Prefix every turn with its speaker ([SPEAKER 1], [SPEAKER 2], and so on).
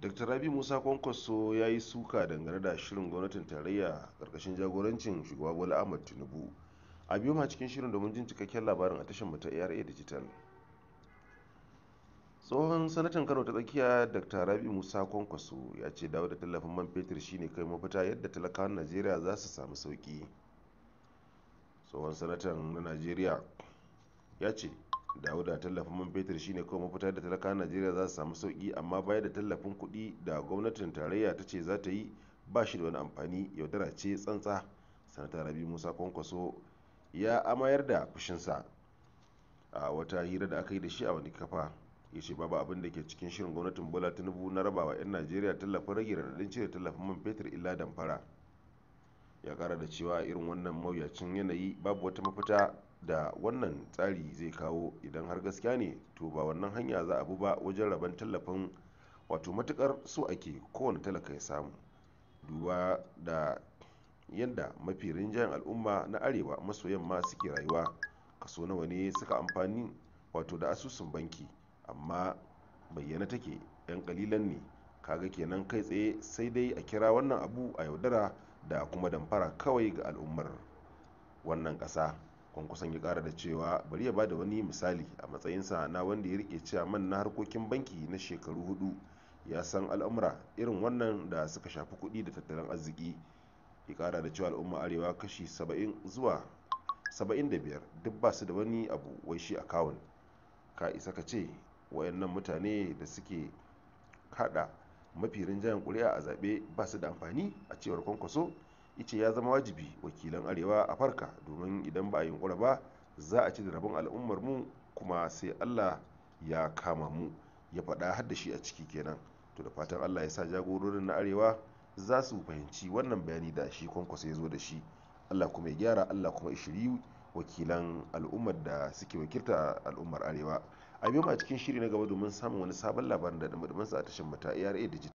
[SPEAKER 1] dr rabi musa kwankwaso ya yi suka dangane da shirin gwamnatin tarayya karkashin jagorancin shugaba bola ahmad tinubu a biyu ma cikin shirin domin jin cikakken labarin a tashar ta ara digital tsohon sanatan kano ta tsakiya dr rabi musa kwankwaso ya ce dawo da tallafin man fetur shine kai mafita yadda talakawan najeriya za su samu sauki tsohon sanatan na najeriya ya ce dauda tallafin man fetur shine kawai mafita da talaka najeriya za su samu sauki amma baya da tallafin kuɗi da gwamnatin tarayya ta ce za ta yi ba shi da wani amfani yaudara ce tsantsa sanata rabi musa kwankwaso ya amayar da fushinsa a wata hira da aka yi da shi a wani kafa ya ce babu abin da ke cikin shirin gwamnatin bola tinubu na rabawa 'yan najeriya tallafin rage raɗaɗin cire tallafin man fetur illa damfara ya kara da cewa irin wannan mawuyacin yanayi babu wata mafita da wannan tsari zai kawo idan har gaskiya ne to ba wannan hanya za a bu ba wajen rabon tallafin wato matukar so ake kowane talaka ya samu duba da yadda mafi rinjayen al'umma na arewa maso yamma suke rayuwa kaso nawa ne suka amfani wato da asusun banki amma bayyana take 'yan kalilan ne kaga kenan kai tsaye sai dai a kira wannan abu a yaudara da kuma damfara kawai ga al'ummar wannan ƙasa kusan ya ƙara da cewa bari ya bada wani misali a matsayinsa na wanda ya rike cewa man na harkokin banki na shekaru hudu ya san al'amura irin wannan da suka shafi kuɗi da tattalin arziki ya ƙara da cewa al'umma arewa kashi 70 zuwa 75 duk ba su da wani abu wai shi akawun ka isa ka ce wayannan mutane da suke kada mafi rinjayen kuri'a a zaɓe ba su da amfani a cewar kwankwaso ice ya zama wajibi wakilan arewa a farka domin idan ba a yunkura ba za a ci da rabon al'ummar mu kuma sai allah ya kama mu ya faɗa har shi a ciki kenan to da fatan allah ya sa jagororin na arewa za su fahimci wannan bayani da shi kwankwaso ya zo da shi allah kuma ya gyara allah kuma ya shiri wakilan al'ummar da suke wakilta al'ummar arewa a biyu a cikin shiri na gaba domin samun wani sabon labarin da domin sa a tashin mata ARA Digital